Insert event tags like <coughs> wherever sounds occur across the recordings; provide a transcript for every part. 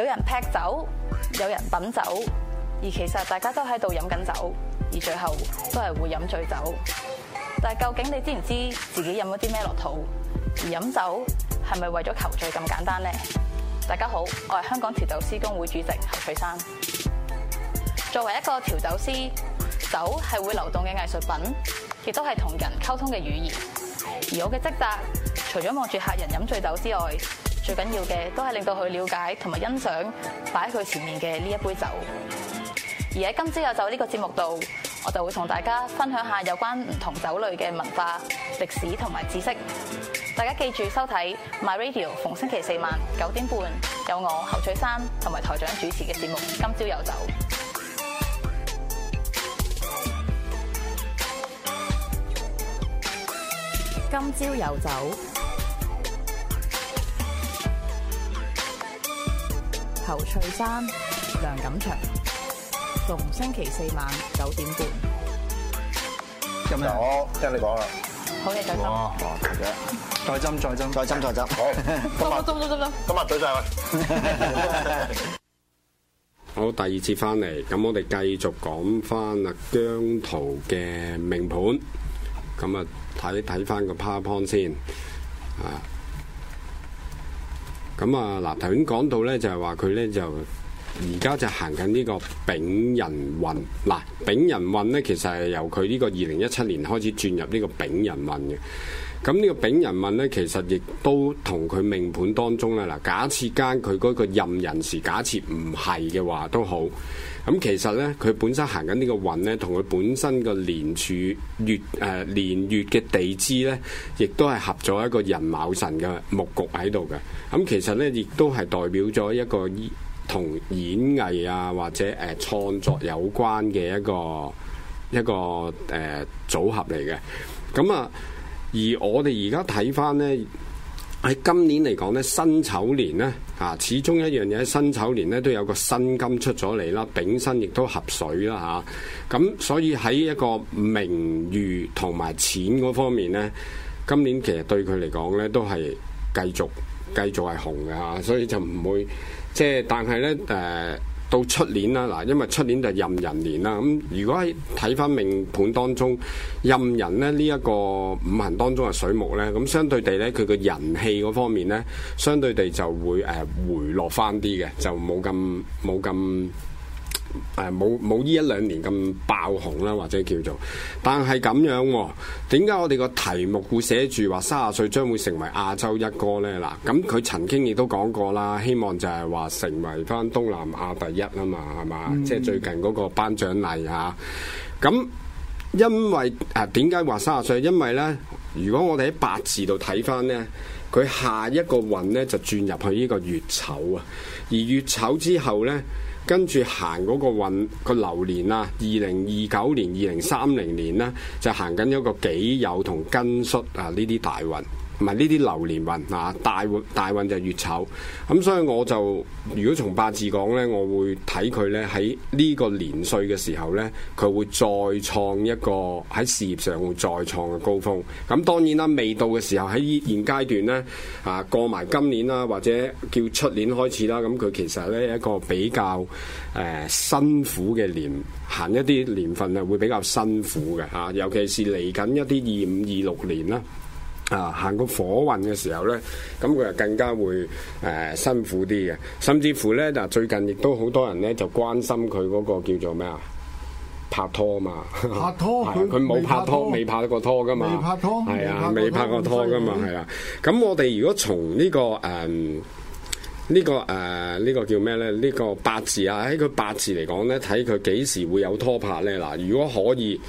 有人劈酒，有人品酒，而其實大家都喺度飲緊酒，而最後都係會飲醉酒。但係究竟你知唔知自己飲咗啲咩落肚？而飲酒係咪為咗求醉咁簡單呢？大家好，我係香港調酒師工會主席侯翠珊。作為一個調酒師，酒係會流動嘅藝術品，亦都係同人溝通嘅語言。而我嘅職責，除咗望住客人飲醉酒之外，最緊要嘅都係令到佢了解同埋欣賞擺喺佢前面嘅呢一杯酒。而喺今朝有酒呢個節目度，我就會同大家分享下有關唔同酒類嘅文化、歷史同埋知識。大家記住收睇 My Radio，逢星期四晚九點半有我侯翠珊同埋台長主持嘅節目《今朝有酒》。今朝有酒。侯翠珊、梁錦祥，逢星期四晚九點半。咁啊，我聽你講啦。好嘢，再走哇。再斟，再斟，再斟。再斟。好， <laughs> 今日斟斟斟斟。今日對晒位。 <laughs> 好，第二次翻嚟，咁我哋繼續講翻啊姜濤嘅命盤。咁啊，睇睇翻個 PowerPoint 先啊。咁啊，嗱，頭先講到咧，就係話佢咧就而家就行緊呢個丙人運。嗱，丙人運咧其實係由佢呢個二零一七年開始轉入呢個丙人運嘅。咁呢個丙人運咧，其實亦都同佢命盤當中咧，嗱，假設間佢嗰個壬人時，假設唔係嘅話都好。咁其實呢，佢本身行緊呢個運呢，同佢本身個年柱月誒年、呃、月嘅地支呢，亦都係合咗一個亥卯未嘅木局喺度嘅。咁、嗯、其實呢，亦都係代表咗一個同演藝啊或者誒、呃、創作有關嘅一個一個誒、呃、組合嚟嘅。咁啊，而我哋而家睇翻呢。喺今年嚟講咧，辛丑年咧，啊，始終一樣嘢，辛丑年咧都有個辛金出咗嚟啦，丙辛亦都合水啦，嚇、啊。咁所以喺一個名譽同埋錢嗰方面咧，今年其實對佢嚟講咧都係繼續繼續係紅嘅，所以就唔會即係，但係咧誒。呃到出年啦，嗱，因為出年就任人年啦。咁如果喺睇翻命盤當中，任人咧呢一個五行當中嘅水木咧，咁相對地咧，佢嘅人氣嗰方面咧，相對地就會誒回落翻啲嘅，就冇咁冇咁。誒，冇冇呢一兩年咁爆紅啦，或者叫做，但係咁樣、啊，點解我哋個題目會寫住話三十歲將會成為亞洲一哥呢？嗱，咁佢曾經亦都講過啦，希望就係話成為翻東南亞第一啊嘛，係嘛，即係、嗯、最近嗰個頒獎禮啊。咁因為誒，點解話三十歲？因為呢，如果我哋喺八字度睇翻呢，佢下一個運呢，就轉入去呢個月丑啊，而月丑之後呢。跟住行嗰個運、嗰個流年啊，二零二九年、二零三零年咧，就行緊一個己酉同庚戌啊呢啲大運，同埋呢啲流年運啊，大運大運就越醜。咁所以我就如果從八字講呢，我會睇佢呢喺呢個年歲嘅時候呢，佢會再創一個喺事業上會再創嘅高峰。咁當然啦，未到嘅時候喺現階段呢，啊，過埋今年啦，或者叫出年開始啦，咁佢其實呢，一個比較誒、呃、辛苦嘅年，行一啲年份啊會比較辛苦嘅嚇，尤其是嚟緊一啲二五二六年啦。啊，行過火運嘅時候咧，咁佢就更加會誒、呃、辛苦啲嘅，甚至乎咧嗱，最近亦都好多人咧就關心佢嗰個叫做咩啊拍拖嘛，拍拖佢冇拍拖，未拍過拖噶嘛，未拍拖，係啊，未拍過拖噶嘛，係啊。咁我哋如果從呢、呢個誒呢、呃呢個誒呢、呃呢個叫咩咧？呢、呢個八字啊，喺佢八字嚟講咧，睇佢幾時會有拖拍咧嗱。如果可以。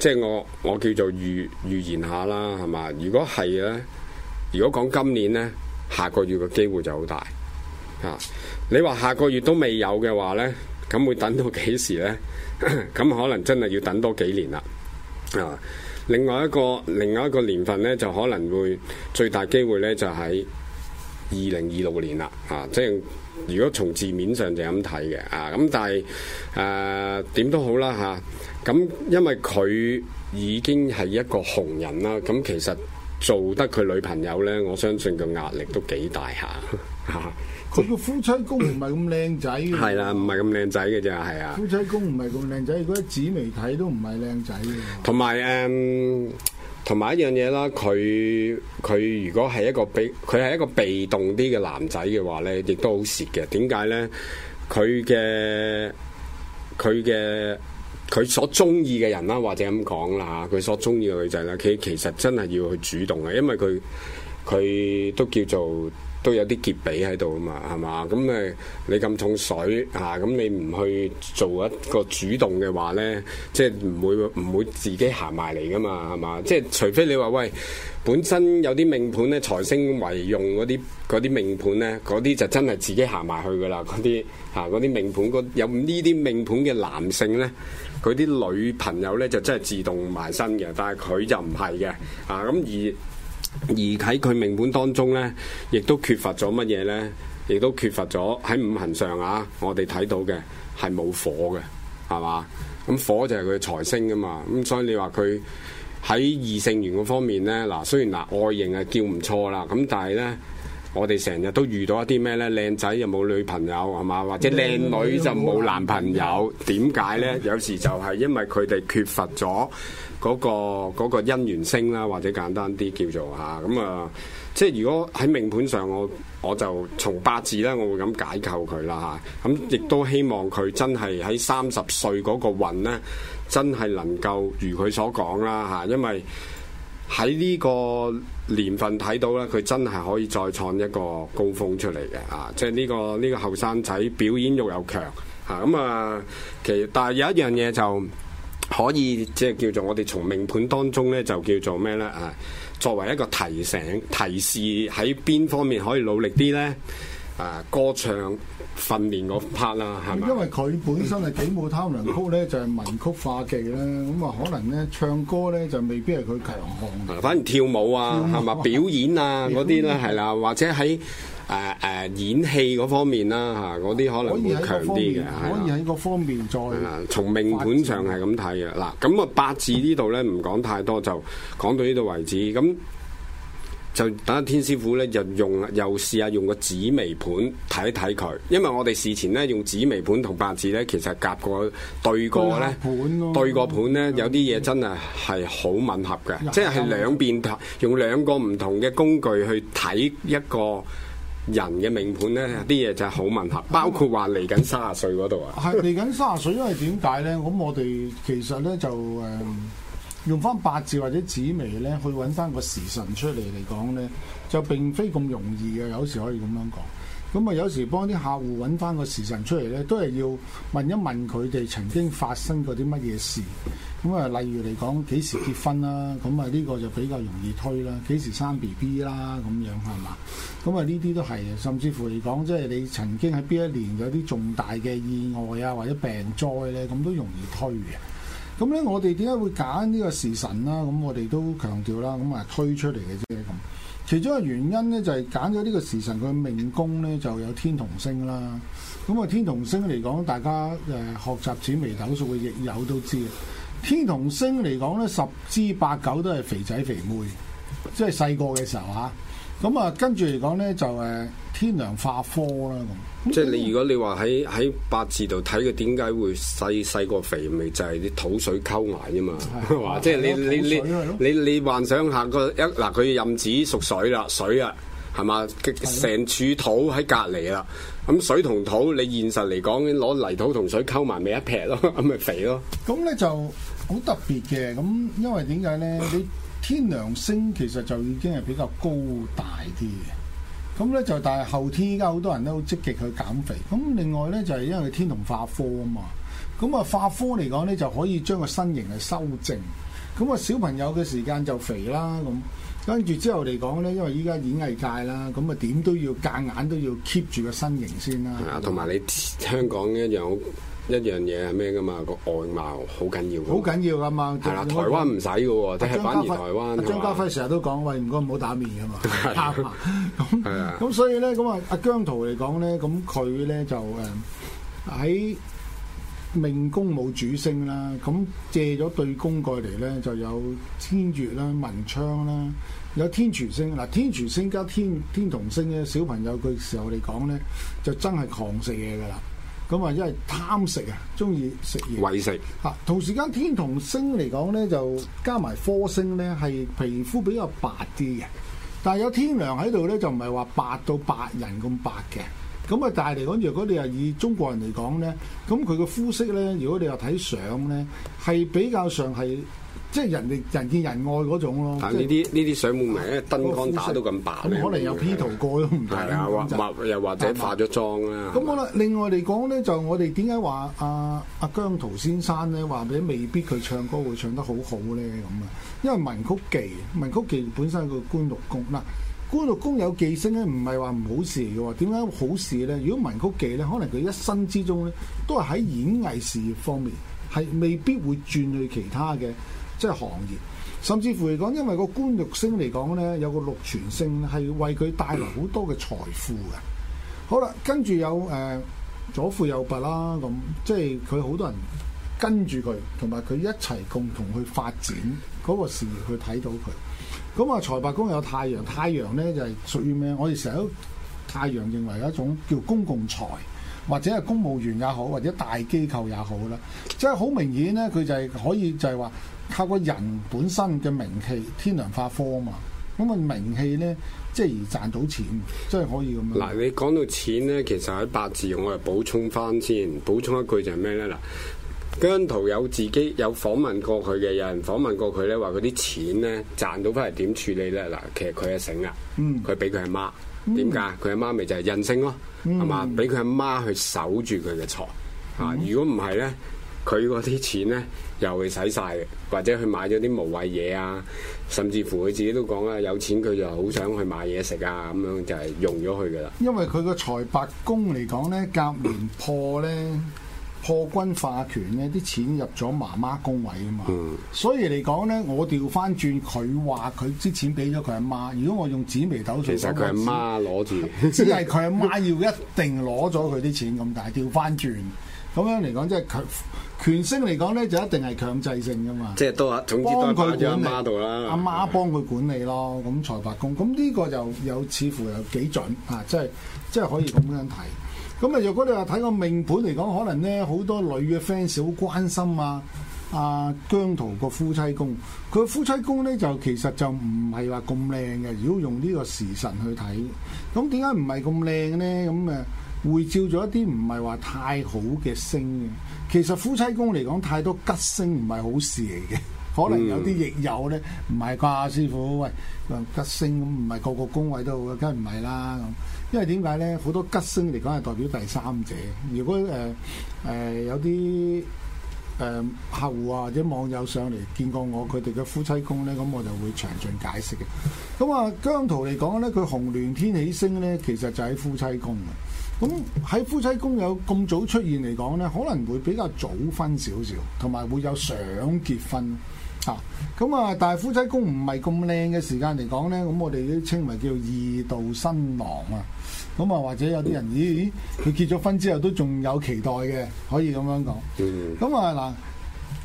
即係我我叫做預預言下啦，係嘛？如果係咧，如果講今年咧，下個月嘅機會就好大嚇，啊。你話下個月都未有嘅話咧，咁會等到幾時咧？咁 <laughs> 可能真係要等多幾年啦。啊，另外一個另外一個年份咧，就可能會最大機會咧，就喺二零二六年啦。啊，即係。如果從字面上就咁睇嘅啊，咁但係誒點都好啦嚇，咁、呃啊、因為佢已經係一個紅人啦，咁、啊、其實做得佢女朋友咧，我相信個壓力都幾大下嚇。佢、啊、個夫妻宮唔係咁靚仔嘅。係啦，唔係咁靚仔嘅咋係啊。啊夫妻宮唔係咁靚仔， <laughs> 如果紫微睇都唔係靚仔嘅。同埋誒。嗯同埋一樣嘢啦，佢佢如果係一個被佢係一個被動啲嘅男仔嘅話咧，亦都好蝕嘅。點解咧？佢嘅佢嘅佢所中意嘅人啦，或者咁講啦嚇，佢所中意嘅女仔啦，佢其實真係要去主動嘅，因為佢佢都叫做。都有啲潔癖喺度啊嘛，係嘛？咁、嗯、誒，你咁重水啊？咁、嗯、你唔去做一個主動嘅話咧，即係唔會唔會自己行埋嚟噶嘛？係嘛？即係除非你話喂，本身有啲命盤咧財星為用嗰啲嗰啲命盤咧，嗰啲就真係自己行埋去噶啦。嗰啲嚇嗰啲命盤有呢啲命盤嘅男性咧，佢啲女朋友咧就真係自動埋身嘅，但係佢就唔係嘅啊，咁、嗯、而。而喺佢命盤當中呢，亦都缺乏咗乜嘢呢？亦都缺乏咗喺五行上啊！我哋睇到嘅係冇火嘅，係嘛？咁火就係佢財星噶嘛？咁所以你話佢喺異性緣嗰方面呢？嗱雖然嗱外形係叫唔錯啦，咁但係呢。我哋成日都遇到一啲咩呢？靚仔又冇女朋友，係嘛？或者靚女就冇男朋友，點解呢？有時就係因為佢哋缺乏咗嗰、嗰個嗰個姻緣星啦，或者簡單啲叫做吓。咁啊！嗯、即係如果喺命盤上，我我就從八字啦，我會咁解構佢啦吓，咁、啊、亦、嗯、都希望佢真係喺三十歲嗰個運呢，真係能夠如佢所講啦吓，因為。喺呢個年份睇到呢佢真係可以再創一個高峰出嚟嘅啊！即係呢個呢個後生仔表演欲又強嚇咁啊！其實但係有一樣嘢就可以即係叫做我哋從命盤當中呢，就叫做咩呢？啊？作為一個提醒提示，喺邊方面可以努力啲呢？啊，歌唱。訓練嗰 part 啦，係咪？因為佢本身係幾冇貪狼曲咧，就係文曲化忌啦，咁啊可能咧唱歌咧就未必係佢強項。反而跳舞啊，係嘛、嗯？表演啊嗰啲咧係啦，嗯啊、或者喺誒誒演戲嗰方面啦嚇嗰啲可能會強啲嘅。可以喺個方面，可以喺個方面再。從命盤上係咁睇嘅嗱，咁啊八字呢度咧唔講太多，就講到呢度為止咁。就等下天師傅咧，就用又試下用個紫微盤睇一睇佢，因為我哋事前咧用紫微盤同八字咧，其實夾過對過咧，對個盤咧有啲嘢真係係好吻合嘅，23 即係兩邊用兩個唔同嘅工具去睇一個人嘅命盤咧，啲嘢就係好吻合，包括話嚟緊卅歲嗰度啊，係嚟緊卅歲，因為點解咧？咁我哋其實咧就誒。嗯用翻八字或者紫微咧，去揾翻個時辰出嚟嚟講咧，就並非咁容易嘅。有時可以咁樣講，咁啊有時幫啲客戶揾翻個時辰出嚟咧，都係要問一問佢哋曾經發生過啲乜嘢事。咁啊，例如嚟講幾時結婚啦，咁啊呢個就比較容易推啦。幾時生 B B 啦，咁樣係嘛？咁啊呢啲都係嘅，甚至乎嚟講，即係你曾經喺邊一年有啲重大嘅意外啊，或者病災咧，咁都容易推嘅。咁咧，我哋點解會揀呢個時辰啦？咁我哋都強調啦，咁啊推出嚟嘅啫咁。其中一個嘅原因咧，就係揀咗呢個時辰，佢命宮咧就有天同星啦。咁啊、呃，天同星嚟講，大家誒學習紫微斗數嘅亦友都知啊。天同星嚟講咧，十之八九都係肥仔肥妹，即係細個嘅時候嚇。啊咁啊，跟住嚟講咧，就誒天梁化科啦咁。即係你如果你話喺喺八字度睇佢點解會細細個肥，咪就係、是、啲土水溝埋啫嘛。話即係你水你你你你，你幻想下個一嗱，佢壬子屬水啦，水啊，係嘛？成柱土喺隔離啦。咁水同土，你現實嚟講攞泥土同水溝埋咪一劈咯，咁咪肥咯。咁咧就好特別嘅。咁因為點解咧？你 <laughs> 天梁星其實就已經係比較高大啲嘅，咁咧就但係後天依家好多人都好積極去減肥，咁另外咧就係因為天同化科啊嘛，咁啊化科嚟講咧就可以將個身形係修正，咁啊小朋友嘅時間就肥啦咁，跟住之後嚟講咧，因為依家演藝界啦，咁啊點都要夾硬都要 keep 住個身形先啦。係啊，同埋你香港一樣。一樣嘢係咩噶嘛？個外貌好緊要。好緊要㗎嘛！係啦，嗯、台灣唔使嘅喎，即係、啊、反而台灣。啊、吧張家輝成日都講喂，唔該唔好打面嘅嘛。係啊。咁所以咧，咁啊，阿姜濤嚟講咧，咁佢咧就誒喺、呃、命宮冇主星啦。咁借咗對宮過嚟咧，就有天月啦、文昌啦，有天廚星嗱，天廚星加天天，天同星咧，小朋友嘅時候嚟講咧，就真係狂食嘢㗎啦。咁啊，因為貪食啊，中意食嘢，餵食吓。同時間天同星嚟講咧，就加埋科星咧，係皮膚比較白啲嘅。但係有天梁喺度咧，就唔係話白到白人咁白嘅。咁啊，但係嚟講，如果你係以中國人嚟講咧，咁佢嘅膚色咧，如果你又睇相咧，係比較上係。即係人哋人見人愛嗰種咯。但呢啲呢啲水滿眉咧，燈光打到咁白咧。可能有 P 圖過都唔係。啊，或又或者化咗妝啦。咁好啦，另外嚟講咧，就我哋點解話阿阿姜濤先生咧話，佢未必佢唱歌會唱得好好咧咁啊？因為文曲忌，文曲忌本身係個官祿宮嗱、啊，官祿宮有忌星咧，唔係話唔好事嚟嘅喎。點解好事咧？如果文曲忌咧，可能佢一生之中咧，都係喺演藝事業方面係未必會轉去其他嘅。即係行業，甚至乎嚟講，因為個官祿星嚟講，呢有個祿存星係為佢帶來好多嘅財富嘅。好啦，跟住有誒、呃、左輔右弼啦，咁即係佢好多人跟住佢，同埋佢一齊共同去發展嗰、那個事業去睇到佢。咁啊財帛宮有太陽，太陽呢就係、是、屬於咩？我哋成日都太陽認為有一種叫公共財，或者係公務員也好，或者大機構也好啦。即係好明顯呢，佢就係可以就係話。靠個人本身嘅名氣，天梁化科啊嘛，咁個名氣咧，即係賺到錢，即係可以咁樣。嗱，你講到錢咧，其實喺八字，我嚟補充翻先，補充一句就係咩咧？嗱，姜濤有自己有訪問過佢嘅人，訪問過佢咧話，嗰啲錢咧賺到翻嚟點處理咧？嗱，其實佢係醒啦，佢俾佢阿媽，點解？佢阿、嗯、媽咪就係印星咯，係嘛、嗯？俾佢阿媽去守住佢嘅財啊！如果唔係咧？佢嗰啲錢咧，又會使晒嘅，或者去買咗啲無謂嘢啊，甚至乎佢自己都講啊，有錢佢就好想去買嘢食啊，咁樣就係用咗佢噶啦。因為佢個財帛宮嚟講咧，甲年破咧，破軍化權咧，啲錢入咗媽媽宮位啊嘛。嗯。所以嚟講咧，我調翻轉佢話佢啲錢俾咗佢阿媽。如果我用紫微斗數，其實佢阿媽攞住，只係佢阿媽要一定攞咗佢啲錢咁大，調翻轉。咁樣嚟講，即係權星嚟講咧，就一定係強制性噶嘛。即係都，總之都喺阿媽度啦。阿、啊、媽幫佢管理咯，咁對 財帛宮。咁呢個就有似乎有幾準啊！即係即係可以咁樣睇。咁啊，若果你話睇個命盤嚟講，可能咧好多女嘅 fans 好關心啊。阿、啊、姜濤個夫妻宮，佢夫妻宮咧就其實就唔係話咁靚嘅。如果用呢個時辰去睇，咁點解唔係咁靚嘅咧？咁啊？回照咗一啲唔係話太好嘅星嘅，其實夫妻宮嚟講太多吉星唔係好事嚟嘅，可能有啲亦有咧，唔係啩師傅？喂，吉星咁唔係個個宮位都，好，梗係唔係啦咁？因為點解咧？好多吉星嚟講係代表第三者。如果誒誒、呃呃、有啲誒、呃、客戶啊或者網友上嚟見過我，佢哋嘅夫妻宮咧，咁我就會詳盡解釋嘅。咁啊， <laughs> 姜濤嚟講咧，佢紅鸞天喜星咧，其實就喺夫妻宮咁喺夫妻宮有咁早出現嚟講呢，可能會比較早婚少少，同埋會有想結婚嚇。咁啊，但係夫妻宮唔係咁靚嘅時間嚟講呢，咁我哋都稱為叫二度新郎啊。咁啊，或者有啲人，咦？佢結咗婚之後都仲有期待嘅，可以咁樣講。咁啊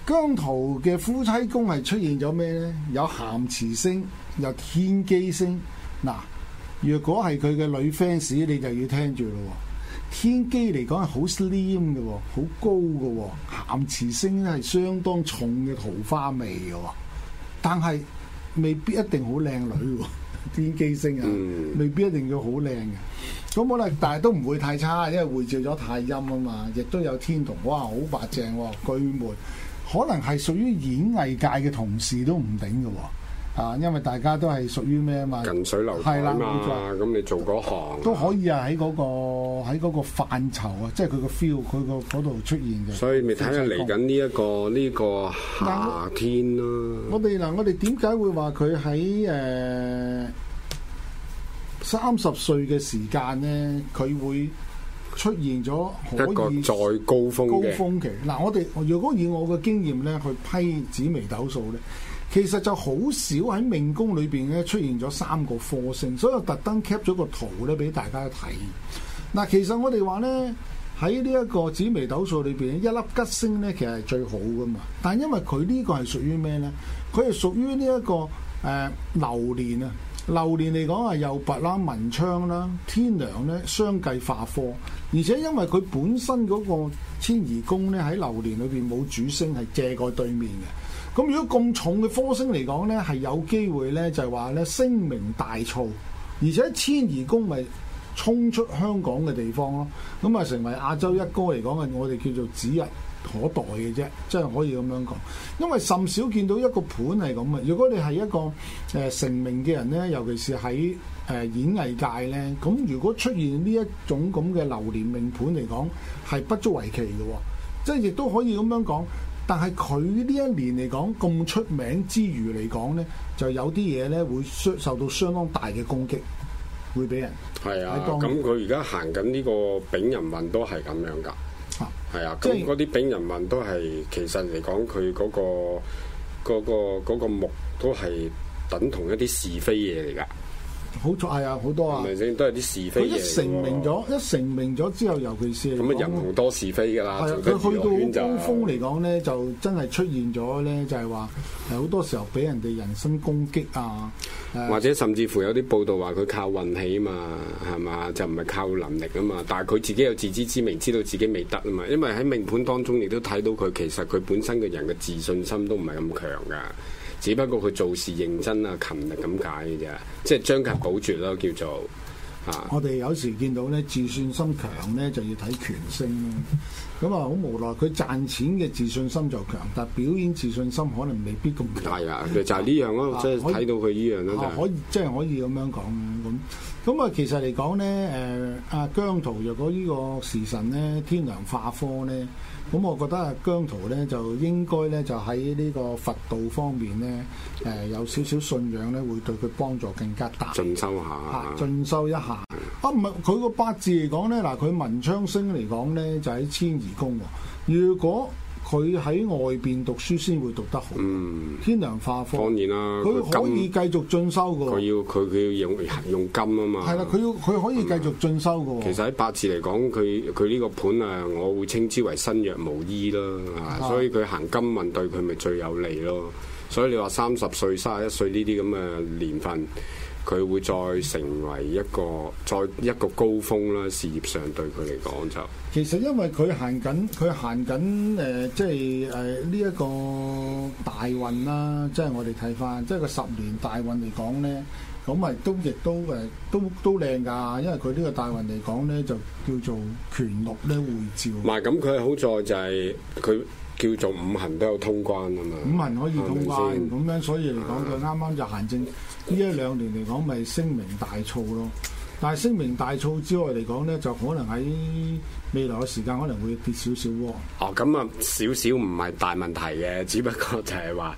嗱，姜濤嘅夫妻宮係出現咗咩呢？有咸池星，有天機星。嗱、啊，若果係佢嘅女 fans，你就要聽住咯天機嚟講係好 slim 嘅，好高嘅。哦，咸池星咧，係相當重嘅桃花味嘅。哦，但係未必一定好靚女嘅。哦，天機星啊，未必一定要好靚嘅，咁可能但係都唔會太差，因為匯聚咗太陰啊嘛，亦都有天同。哇，好白淨。哦，巨門，可能係屬於演藝界嘅同事都唔頂嘅。啊，因為大家都係屬於咩啊嘛，近水樓台嘛，咁你做嗰行都可以啊、那個！喺嗰個喺嗰個範疇啊，即係佢個 feel，佢個嗰度出現嘅。所以咪睇下嚟緊呢一個呢、呢個呢個夏天咯、啊。我哋嗱，我哋點解會話佢喺誒三十歲嘅時間咧，佢會出現咗可以個再高峯嘅高峯期。嗱，我哋如果以我嘅經驗咧，去批紫微斗數咧。其實就好少喺命宮裏邊咧出現咗三個科星，所以我特登 cap 咗個圖咧俾大家睇。嗱，其實我哋話呢，喺呢一個紫微斗數裏邊，一粒吉星呢，其實係最好噶嘛。但因為佢呢個係屬於咩呢？佢係屬於呢、這、一個誒流年啊。流年嚟講係右弼啦、文昌啦、天梁呢相繼化科，而且因為佢本身嗰個遷移宮呢，喺流年裏邊冇主星，係借過對面嘅。咁如果咁重嘅科星嚟講呢，係有機會呢，就係話呢聲名大噪，而且遷移宮咪衝出香港嘅地方咯，咁啊成為亞洲一哥嚟講，係我哋叫做指日可待嘅啫，即係可以咁樣講。因為甚少見到一個盤係咁嘅，如果你係一個誒成名嘅人呢，尤其是喺誒演藝界呢，咁如果出現呢一種咁嘅流年命盤嚟講，係不足為奇嘅，即係亦都可以咁樣講。但係佢呢一年嚟講，咁出名之餘嚟講咧，就有啲嘢咧會受受到相當大嘅攻擊，會俾人係啊！咁佢而家行緊呢個丙人運都係咁樣噶，係啊！咁嗰啲丙人運都係其實嚟講佢嗰個、嗰個、嗰個、嗰個木都係等同一啲是非嘢嚟㗎。好錯係啊，好多啊，都係啲是非嘢。佢一成名咗，一成名咗之後，尤其是咁啊，人好多是非噶啦。佢、啊、去到高峰嚟講咧，就真係出現咗咧，就係話好多時候俾人哋人身攻擊啊，或者甚至乎有啲報道話佢靠運氣啊，係嘛？就唔係靠能力啊嘛。但係佢自己有自知之明，知道自己未得啊嘛。因為喺命盤當中，亦都睇到佢其實佢本身嘅人嘅自信心都唔係咁強噶。只不過佢做事認真啊、勤力咁解嘅啫，即係將勤補拙咯，叫做啊。我哋有時見到咧，自信心強咧，就要睇權星咁啊，好無奈，佢賺錢嘅自信心就強，但係表演自信心可能未必咁強。係、就係、啊，佢就係呢樣咯，即係睇到佢呢樣咯。可以即係可以咁樣講咁。咁啊，其實嚟講咧，誒阿姜濤若果呢個時辰咧，天梁化科咧。咁、嗯、我覺得啊，姜濤咧就應該咧就喺呢個佛道方面咧，誒、呃、有少少信仰咧，會對佢幫助更加大。進修下啊，進修一下的啊，唔係佢個八字嚟講咧，嗱佢文昌星嚟講咧就喺遷移宮喎。如果佢喺外邊讀書先會讀得好。嗯，天梁化科。當然啦，佢可以繼續進修嘅。佢要佢佢要用用金咯嘛。係啦，佢要佢可以繼續進修嘅。嗎其實喺八字嚟講，佢佢呢個盤啊，我會稱之為身弱無依啦，的所以佢行金運對佢咪最有利咯。所以你話三十歲、三十一歲呢啲咁嘅年份。佢會再成為一個再一個高峰啦，事業上對佢嚟講就其實因為佢行緊佢行緊誒，即係誒呢一個大運啦，即係我哋睇返即係個十年大運嚟講咧，咁咪都亦都誒都都靚㗎，因為佢呢個大運嚟講咧就叫做權祿咧會照、嗯。唔係咁佢好在就係、係、佢。叫做五行都有通關啊嘛，五行可以通關咁樣，所以嚟講佢啱啱就行政呢一兩年嚟講，咪、就是、聲明大噪咯。但係聲名大噪之外嚟講咧，就可能喺未來嘅時間可能會跌少少喎。哦，咁啊少少唔係大問題嘅，只不過就係、是、話。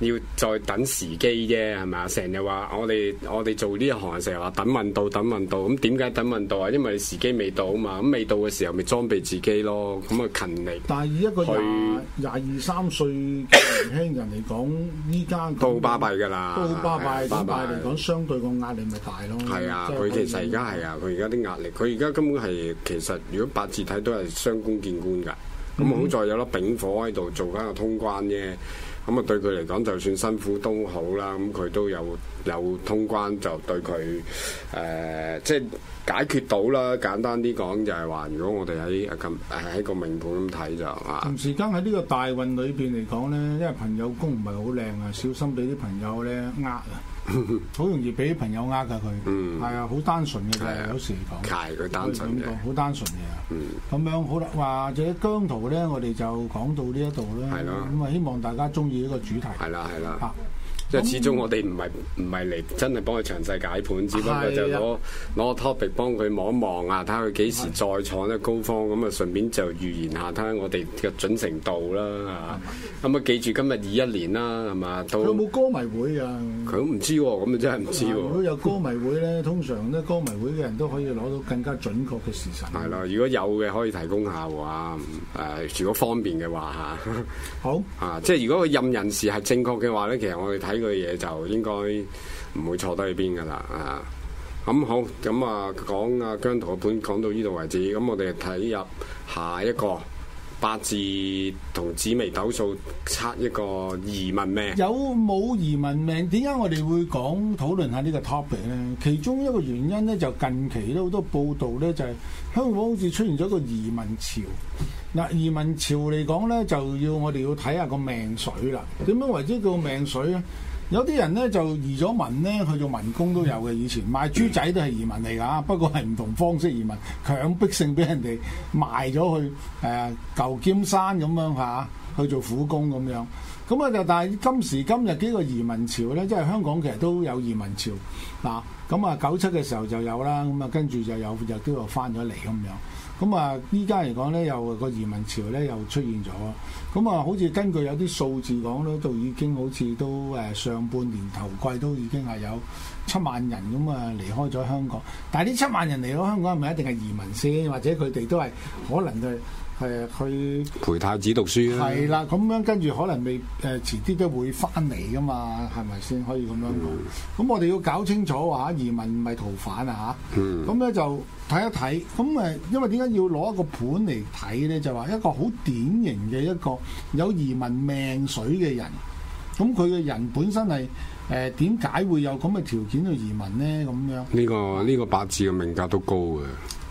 要再等時機啫，係咪啊？成日話我哋我哋做呢一行成日話等運到，等運到。咁點解等運到？啊？因為你時機未到啊嘛，咁未到嘅時候咪裝備自己咯，咁啊勤力。但係以一個廿廿二三歲嘅年輕人嚟講，依家 <coughs> 都好巴閉㗎啦，都好巴閉，巴閉嚟講相對個壓力咪大咯。係啊，佢其實而家係啊，佢而家啲壓力，佢而家根本係其實如果八字睇都係傷官見官㗎。咁、嗯、好在有粒丙火喺度做緊個通關啫。咁啊，對佢嚟講，就算辛苦都好啦。咁佢都有有通關，就對佢誒、呃，即係解決到啦。簡單啲講，就係、是、話，如果我哋喺啊近喺個命盤咁睇就啊。同時間喺呢個大運裏邊嚟講咧，因為朋友宮唔係好靚啊，小心俾啲朋友咧呃啊。好 <laughs> 容易俾朋友呃噶佢，係啊，好、嗯、單純嘅啫，的有時嚟講，係佢單純嘅，好單純嘅，咁、嗯、樣好啦，或者姜濤咧，我哋就講到呢一度啦，咁啊的、嗯，希望大家中意呢個主題，係啦，係啦。即係始終我哋唔係唔係嚟真係幫佢詳細解盤，只不過就攞攞個 topic 幫佢望一望啊，睇下佢幾時再創一的高峯，咁啊順便就預言下睇下我哋嘅準程度啦，係嘛的？咁啊的記住今日二一年啦，係嘛？有冇歌迷會啊？佢都唔知喎，咁啊真係唔知喎。如果有歌迷會咧，通常咧歌迷會嘅人都可以攞到更加準確嘅時辰。係啦，如果有嘅可以提供下喎啊，誒，如果方便嘅話嚇。好啊， <laughs> 即係如果佢任人事係正確嘅話咧，其實我哋睇。呢個嘢就應該唔會錯得去邊噶啦啊！咁好咁啊，講啊姜濤嘅盤講到呢度為止，咁我哋睇入下一個八字同紫微斗數測一個移民命。有冇移民命？點解我哋會講討論下個呢個 topic 咧？其中一個原因咧，就是、近期咧好多報道咧，就係香港好似出現咗個移民潮。嗱，移民潮嚟講咧，就要我哋要睇下個命水啦。點樣為之叫命水咧？有啲人咧就移咗民咧去做民工都有嘅，以前賣豬仔都係移民嚟㗎，不過係唔同方式移民，強迫性俾人哋賣咗去誒、呃、舊金山咁樣吓，去做苦工咁樣。咁啊就但係今時今日幾個移民潮咧，即係香港其實都有移民潮嗱。咁啊九七嘅時候就有啦，咁啊跟住就有又都有翻咗嚟咁樣。咁啊，依家嚟講咧，又個移民潮咧又出現咗。咁啊，好似根據有啲數字講咧，就已經好似都誒上半年頭季都已經係有七萬人咁啊離開咗香港。但係呢七萬人離開香港，係咪一定係移民先？或者佢哋都係可能都？係啊，佢去 陪太子讀書啦。係啦，咁樣跟住可能未誒、呃，遲啲都會翻嚟噶嘛，係咪先可以咁樣講？咁、嗯、我哋要搞清楚話、啊，移民唔係逃犯啊嚇。嗯。咁咧就睇一睇，咁誒，因為點解要攞一個盤嚟睇咧？就話一個好典型嘅一個有移民命水嘅人，咁佢嘅人本身係誒點解會有咁嘅條件去移民咧？咁樣、呢個。呢個呢個八字嘅命格都高嘅。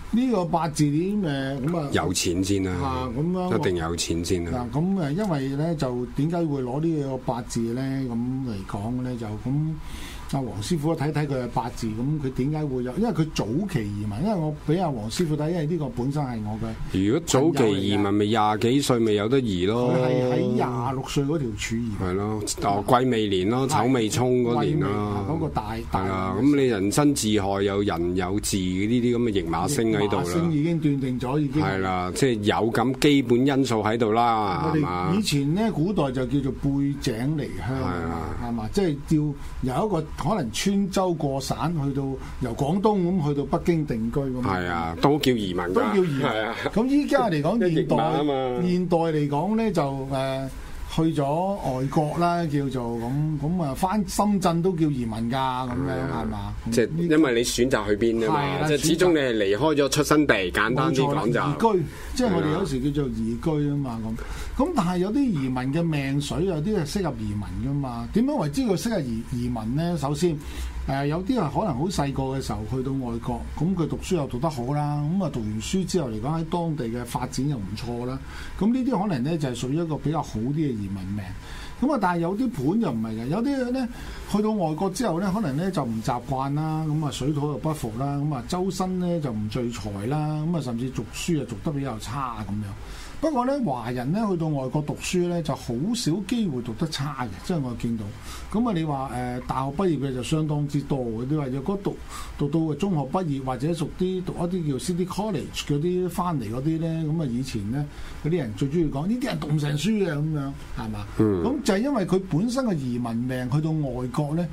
呢個八字點誒咁啊？有錢先啦，嚇，咁樣一定有錢先啦。嗱咁誒，因為咧就點解會攞呢個八字咧，咁嚟講咧就咁。阿黃師傅睇睇佢嘅八字，咁佢點解會有？因為佢早期移民，因為我俾阿黃師傅睇，因為呢個本身係我嘅。如果早期移民咪廿幾歲，咪有得移咯。佢係喺廿六歲嗰條柱移。係咯，就癸未年咯，丑未衝嗰年啦。嗰個大大。咁你人身自害有人有字，呢啲咁嘅驛馬星喺度啦。已經斷定咗，已經。係啦，即係有咁基本因素喺度啦，係嘛？以前呢，古代就叫做背井離鄉啊，係嘛？即係叫有一個。可能穿州過省，去到由廣東，咁去到北京定居咁。係啊，都叫移民 <laughs> 都叫移民。咁依家嚟講， <laughs> 直馬 現代嘛現代嚟講咧就誒。呃去咗外國啦，叫做咁咁啊，返深圳都叫移民噶，咁樣係嘛？嗯、吧即係因為你選擇去邊啊嘛，啊即係始終你係離開咗出生地，擇簡單啲講就移居，即係我哋有時叫做移居啊嘛咁。咁吧但係有啲移民嘅命水，有啲係適合移民噶嘛？點樣為之佢適合移移民咧？首先。誒有啲人可能好細個嘅時候去到外國，咁佢讀書又讀得好啦，咁啊讀完書之後嚟講喺當地嘅發展又唔錯啦，咁呢啲可能呢，就係屬於一個比較好啲嘅移民命，咁啊但係有啲盤就唔係嘅，有啲人呢，去到外國之後呢，可能呢就唔習慣啦，咁啊水土又不服啦，咁啊周身呢就唔聚財啦，咁啊甚至讀書又讀得比較差咁樣。不過咧，華人咧去到外國讀書咧，就好少機會讀得差嘅，即係我見到。咁啊，你話誒大學畢業嘅就相當之多。你話若果讀讀到誒中學畢業或者屬啲讀一啲叫 City College 嗰啲翻嚟嗰啲咧，咁啊以前咧嗰啲人最中意講呢啲人讀唔成書嘅咁樣，係嘛？咁、嗯、就係因為佢本身嘅移民命去到外國咧，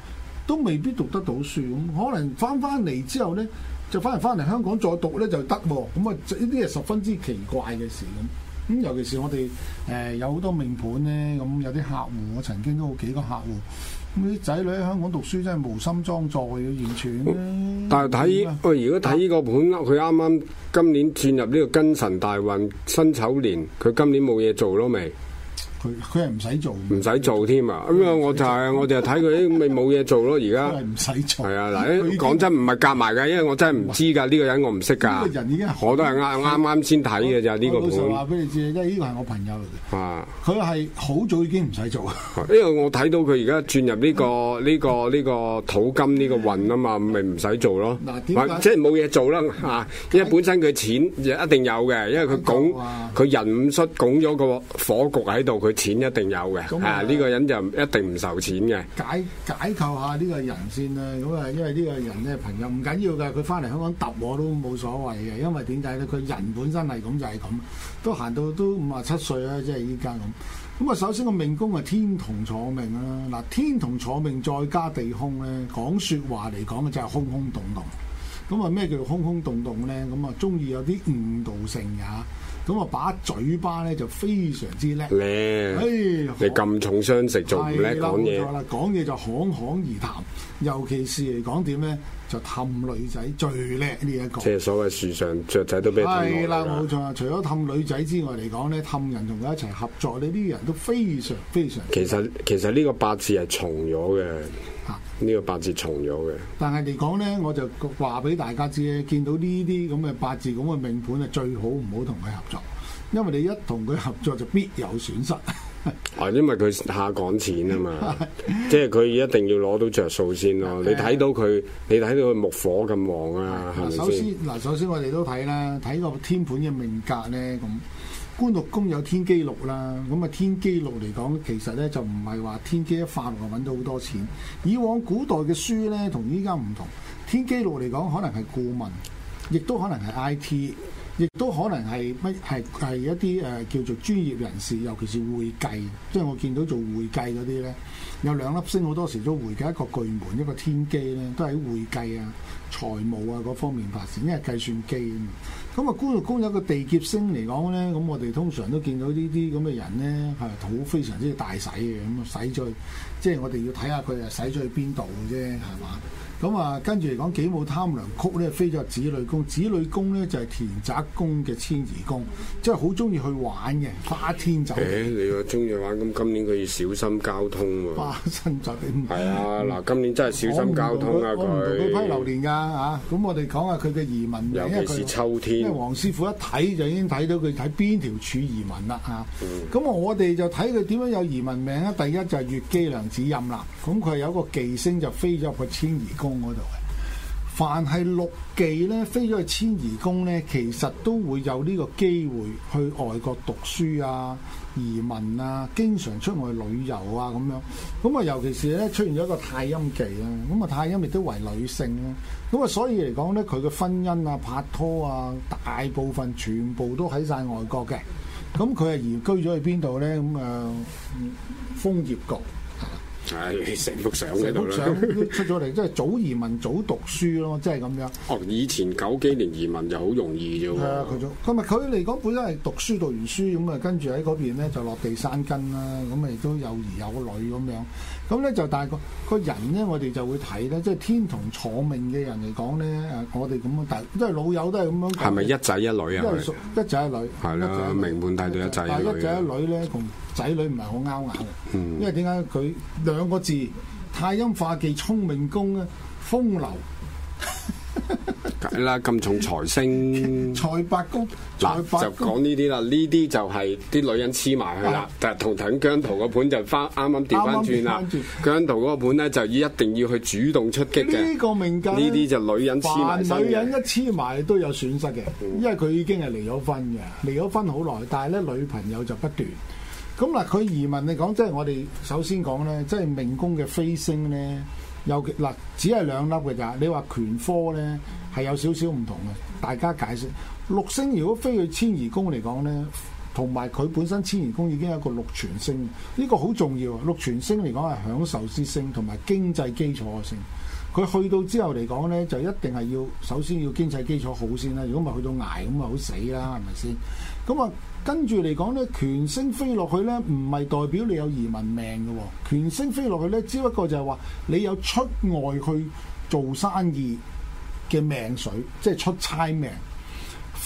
都未必讀得到書。咁可能翻翻嚟之後咧，就翻嚟翻嚟香港再讀咧就得喎。咁啊，呢啲係十分之奇怪嘅事咁。咁、嗯、尤其是我哋誒、呃、有好多命盤咧，咁、嗯、有啲客戶我曾經都好幾個客戶，咁啲仔女喺香港讀書真係無心裝載嘅，完全。但係睇，我、嗯、如果睇呢個盤，佢啱啱今年轉入呢個庚辰大運辛丑年，佢今年冇嘢做咯未？佢佢係唔使做，唔使做添啊！咁啊，我就係我就睇佢咪冇嘢做咯。而家唔使做，係啊，嗱，講真唔係夾埋嘅，因為我真係唔知㗎呢個人，我唔識㗎。我都係啱啱啱先睇嘅咋呢個盤。老實話俾你知，即係呢個係我朋友嚟嘅。佢係好早已經唔使做，因為我睇到佢而家轉入呢個呢個呢個土金呢個運啊嘛，咪唔使做咯。即係冇嘢做啦？啊，因為本身佢錢一定有嘅，因為佢拱佢人壬戌拱咗個火局喺度，佢。錢一定有嘅，啊呢、啊呢個人就一定唔愁錢嘅。解解構下呢個人先啦，咁啊，因為呢個人咧朋友唔緊要噶，佢返嚟香港揼我都冇所謂嘅，因為點解咧？佢人本身係咁就係咁，都行到都五啊七歲啦，即係依家咁。咁啊，首先個命宮係天同坐命啦，嗱天同坐命再加地空咧，講説話嚟講啊，就係空空洞洞。咁啊咩叫做空空洞洞咧？咁啊中意有啲誤導性呀！咁啊把嘴巴咧就非常之叻，你咁、哎、重傷食對話就唔叻講嘢，講嘢就侃侃而談。尤其是嚟講點咧，就氹女仔最叻呢一個。即係所謂樹上雀仔都氹得落嚟。係啦，冇錯啊！除咗氹女仔之外嚟講咧，氹人同佢一齊合作咧，呢啲人都非常非常其。其實其實呢個八字係重咗嘅，啊，呢個八字重咗嘅。但係嚟講咧，我就話俾大家知咧，見到呢啲咁嘅八字咁嘅命盤啊，最好唔好同佢合作，因為你一同佢合作就必有損失。哦， <laughs> 因為佢下港錢啊嘛， <laughs> 即係佢一定要攞到着數先咯。 <laughs> 你睇到佢， <laughs> 你睇到佢木火咁旺啊。首先，嗱，首先我哋都睇啦，睇個天盤嘅命格咧，咁官祿宮有天機祿啦。咁啊，天機祿嚟講，其實咧就唔係話天機一化祿就搵到好多錢。以往古代嘅書咧，同依家唔同。天機祿嚟講，可能係顧問，亦都可能係 I T。亦都可能係乜係係一啲誒叫做專業人士，尤其是會計。即係我見到做會計嗰啲咧，有兩粒星好多時都會計一個巨門一個天機咧，都喺會計啊、財務啊嗰方面發展，因為計算機。咁、嗯、啊，官僚工友個地劫星嚟講咧，咁、嗯、我哋通常都見到呢啲咁嘅人咧，係好非常之大使嘅，咁啊洗咗，即係我哋要睇下佢啊洗咗去邊度嘅啫，係嘛？咁啊，跟住嚟講，幾冇貪涼曲咧，飛咗子女宮。子女宮咧就係田宅宮嘅遷移宮，即係好中意去玩嘅，花天酒地。誒、欸，你話中意玩，咁今年佢要小心交通喎。花天酒。係啊，嗱，今年真係小心交通啊佢。唔同。佢批流年㗎嚇，咁、啊、我哋講下佢嘅移民命，尤其是秋天。因為黃師傅一睇就已經睇到佢睇邊條柱移民啦嚇。咁、啊嗯、我哋就睇佢點樣有移民命啦。第一就係月姬娘子陰啦，咁、啊、佢有個忌星就飛咗入遷移宮。度嘅，凡係六忌咧，飛咗去遷移宮咧，其實都會有呢個機會去外國讀書啊、移民啊、經常出外旅遊啊咁樣。咁啊，尤其是咧出現咗一個太陰忌啊，咁啊太陰亦都為女性咧，咁啊所以嚟講咧，佢嘅婚姻啊、拍拖啊，大部分全部都喺晒外國嘅。咁佢係移居咗去邊度咧？咁啊，楓葉國。係成幅相喺度相出咗嚟。 <laughs> 即係早移民早讀書咯，即係咁樣。哦，以前九幾年移民就好容易啫。係啊，佢仲佢咪佢嚟講本身係讀書讀完書咁啊，跟住喺嗰邊咧就落地生根啦，咁啊亦都有兒有女咁樣。咁咧就大個個人咧， <music> 我哋就會睇咧，即係天同坐命嘅人嚟講咧，誒，我哋咁樣，但都係老友都係咁樣。係咪一仔一女啊？一,一仔一女。係啦了，名門大到一仔。但係一仔一女咧，同仔女唔係好勾眼嘅。因為點解佢兩個字太陰化忌，聰明功，咧風流。 <laughs> 梗啦，咁 <laughs> 重財星，財帛宮，嗱就講呢啲啦，呢啲就係啲女人黐埋去啦。但係同譚姜濤 <laughs> 個盤就翻，啱啱調翻轉啦。姜濤嗰個盤咧就一定要去主動出擊嘅。 <laughs> 個呢個命格呢啲就女人黐埋，凡女人一黐埋都有損失嘅，因為佢已經係離咗婚嘅，離咗婚好耐，但係咧女朋友就不斷。咁嗱，佢移民嚟講，即係我哋首先講咧，即係命宮嘅飛星咧。尤其嗱，只係兩粒嘅咋？你話權科咧係有少少唔同嘅，大家解釋。祿星如果飛去遷移宮嚟講咧，同埋佢本身遷移宮已經有一個祿存星，呢、呢個好重要。祿存星嚟講係享受之星同埋經濟基礎嘅星。佢去到之後嚟講咧，就一定係要首先要經濟基礎好先啦。如果唔係去到捱咁，咪好死啦，係咪先？咁啊！跟住嚟講呢，權星飛落去呢，唔係代表你有移民命嘅喎。權星飛落去呢，只不過就係話你有出外去做生意嘅命水，即係出差命。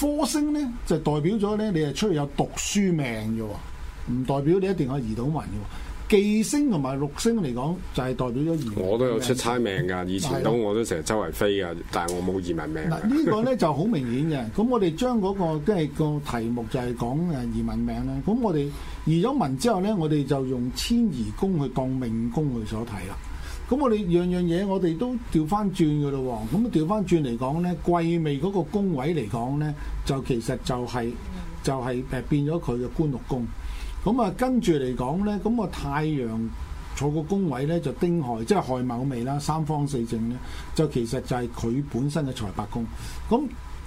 科星呢，就係、代表咗呢，你係出嚟有讀書命嘅喎，唔代表你一定係移到民嘅。寄星同埋六星嚟講，就係、是、代表咗移民命。我都有出差命㗎，以前都、啊、我都成日周圍飛㗎，但係我冇移民命。啊這個、呢個咧就好明顯嘅。咁 <laughs> 我哋將嗰、那個即係、那個題目就係講誒移民命啦。咁我哋移咗民之後咧，我哋就用遷移宮去當命宮去所睇啦。咁我哋樣樣嘢我哋都調翻轉㗎咯喎。咁調翻轉嚟講咧，貴味嗰個宮位嚟講咧，就其實就係、是、就係、是、誒變咗佢嘅官祿宮。咁啊，跟住嚟講咧，咁個太陽坐個宮位咧，就丁亥，即係亥卯未啦，三方四正咧，就其實就係佢本身嘅財帛宮。咁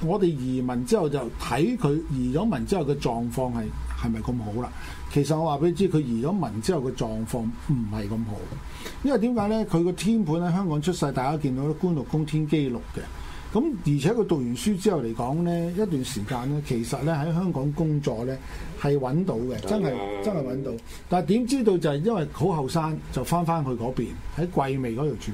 我哋移民之後就睇佢移咗民之後嘅狀況係係咪咁好啦？其實我話俾你知，佢移咗民之後嘅狀況唔係咁好，因為點解咧？佢個天盤喺香港出世，大家見到官祿宮天機祿嘅。咁而且佢讀完書之後嚟講咧，一段時間咧，其實咧喺香港工作咧係揾到嘅、嗯，真係真係揾到。但係點知道就係因為好後生，就翻翻去嗰邊喺桂味嗰度住。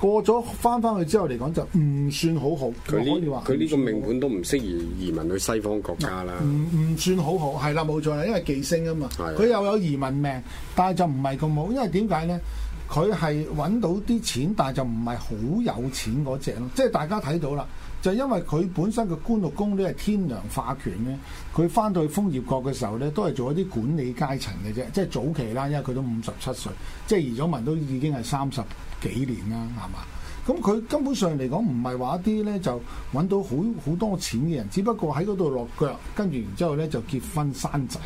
過咗翻翻去之後嚟講就唔算好好。佢你話佢呢個命盤都唔適宜移民去西方國家啦。唔唔算好好，係啦冇錯啦，因為寄星啊嘛。佢的又有移民命，但係就唔係咁好，因為點解咧？佢係揾到啲錢，但係就唔係好有錢嗰隻咯。即係大家睇到啦，就因為佢本身嘅官祿宮呢係天梁化權呢，佢翻到去楓葉國嘅時候呢，都係做一啲管理階層嘅啫。即係早期啦，因為佢都五十七歲，即係移咗民都已經係三十幾年啦，係嘛？咁佢根本上嚟講唔係話一啲呢，就揾到好好多錢嘅人，只不過喺嗰度落腳，跟住然之後呢，就結婚生仔。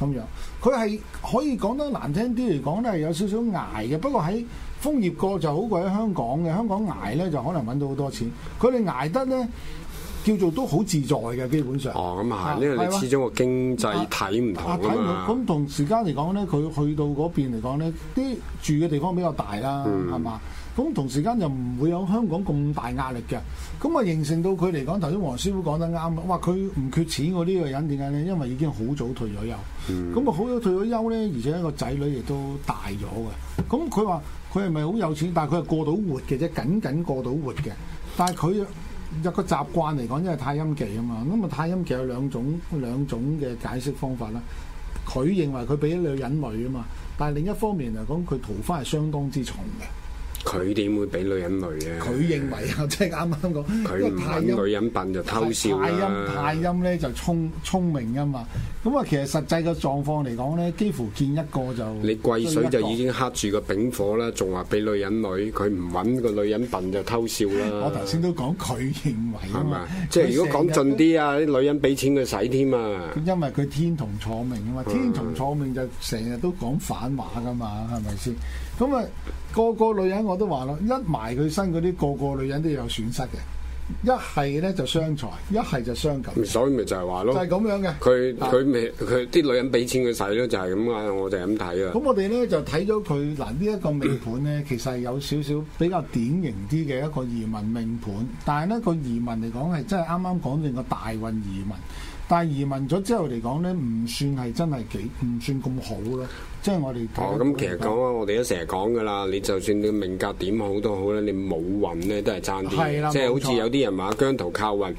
咁樣，佢係可以講得難聽啲嚟講咧，係有少少捱嘅。不過喺楓葉過就好過喺香港嘅，香港捱咧就可能揾到好多錢。佢哋捱得咧。叫做都好自在嘅，基本上。哦，咁啊係，因為你始終個經濟體唔同啊嘛。咁同、啊、時間嚟講咧，佢去到嗰邊嚟講咧，啲住嘅地方比較大啦，係嘛、嗯？咁同時間又唔會有香港咁大壓力嘅。咁啊，形成到佢嚟講，頭先黃師傅講得啱啊！哇，佢唔缺錢喎，呢個人點解咧？因為已經好早退咗休。咁啊、嗯，好早退咗休咧，而且一個仔女亦都大咗嘅。咁佢話：佢係咪好有錢？但係佢係過到活嘅啫，僅僅過到活嘅。但係佢。一個習慣嚟講，因為太陰忌啊嘛，咁啊太陰忌有兩種兩種嘅解釋方法啦。佢認為佢俾你引女啊嘛，但係另一方面嚟講，佢桃花係相當之重嘅。佢點會俾女人累嘅？佢認為啊，即係啱啱講，佢唔揾女人笨就偷笑，太陰太陰咧就聰聰明啊嘛！咁啊，其實實際嘅狀況嚟講咧，幾乎見一個就一個，你癸水就已經剋住個丙火啦，仲話俾女人累，佢唔揾個女人笨就偷笑啦。 <laughs> 我頭先都講佢認為啊嘛，即係如果講盡啲啊，啲女人俾錢佢使添啊！因為佢天同坐命啊嘛，天同坐命就成日都講反話噶嘛，係咪先？咁啊，個個女人我都話咯，一埋佢身嗰啲個個女人都有損失嘅。一係咧就傷財，一係就傷感情。所以咪就係話咯，就係咁樣嘅。佢佢未佢啲女人俾錢佢使咯，就係咁啊！我就係咁睇啊。咁我哋咧就睇咗佢嗱呢一個命盤咧，其實係有少少比較典型啲嘅一個移民命盤，但係咧個移民嚟講係真係啱啱講定個大運移民，但係移民咗之後嚟講咧，唔算係真係幾唔算咁好咯。 <music> 即係我哋咁、哦嗯、其實講啊，我哋都成日講噶啦。你就算你命格點好都好啦，你冇運咧都係差啲，的即係好似有啲人話姜濤靠運，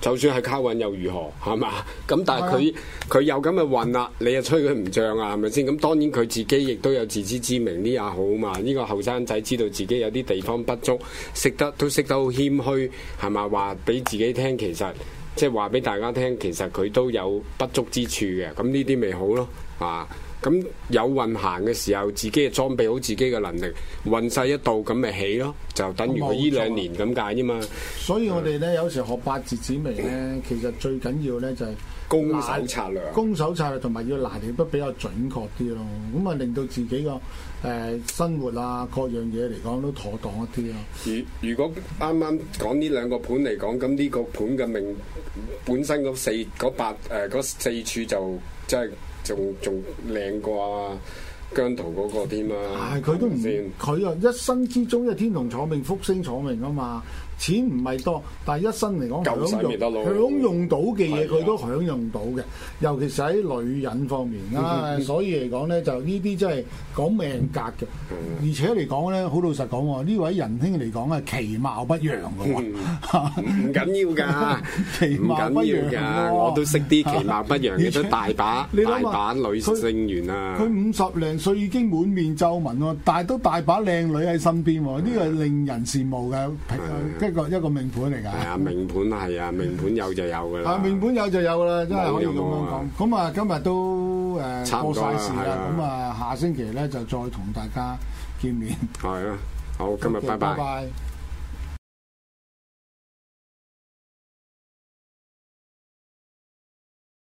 就算係靠運又如何係嘛？咁、嗯、但係佢佢有咁嘅運啊，你又吹佢唔脹啊，係咪先？咁、嗯、當然佢自己亦都有自知之明呢，也好嘛。呢個後生仔知道自己有啲地方不足，識得都識得好謙虛係嘛？話俾自己聽，其實即係話俾大家聽，其實佢都有不足之處嘅。咁呢啲咪好咯啊！咁有運行嘅時候，自己嘅裝備好自己嘅能力，運勢一到咁咪起咯，就等於佢呢兩年咁解啫嘛。嗯、所以我哋咧有時學八字指命咧，其實最緊要咧就係攻守策略，攻守策略同埋要拿捏得比較準確啲咯。咁啊，令到自己個誒、呃、生活啊各樣嘢嚟講都妥當一啲咯。如如果啱啱講呢兩個盤嚟講，咁呢個盤嘅命本身嗰四嗰八誒嗰、呃、四處就即係。仲仲靚過姜濤嗰、嗰個添啦，係佢都唔，佢啊，一生之中，因為天同坐命、福星坐命啊嘛。錢唔係多，但係一生嚟講，享用享用到嘅嘢佢都享用到嘅。尤其是喺女人方面啊， <coughs> 所以嚟講咧，就呢啲真係講命格嘅。嗯、而且嚟講咧，好老實講喎，呢位仁兄嚟講啊，其 <laughs> 貌、嗯、不揚嘅喎，唔緊要㗎，唔緊要㗎，我都識啲其貌不揚嘅都大把大把女性員啊。佢五十零歲已經滿面皺紋咯，但係都大把靚女喺身邊喎，呢個 <coughs> 係令人羨慕嘅。 <coughs> 一個一個命盤嚟㗎，係啊，命盤係啊，命盤有就有㗎啦。係 <laughs> 命盤有就有啦， <laughs> 真係可以咁樣講。咁 <laughs> 啊今日都誒差唔多時間啦，咁、呃、啊下星期咧就再同大家見面。係啊，好，今日 <laughs> 拜拜。拜拜。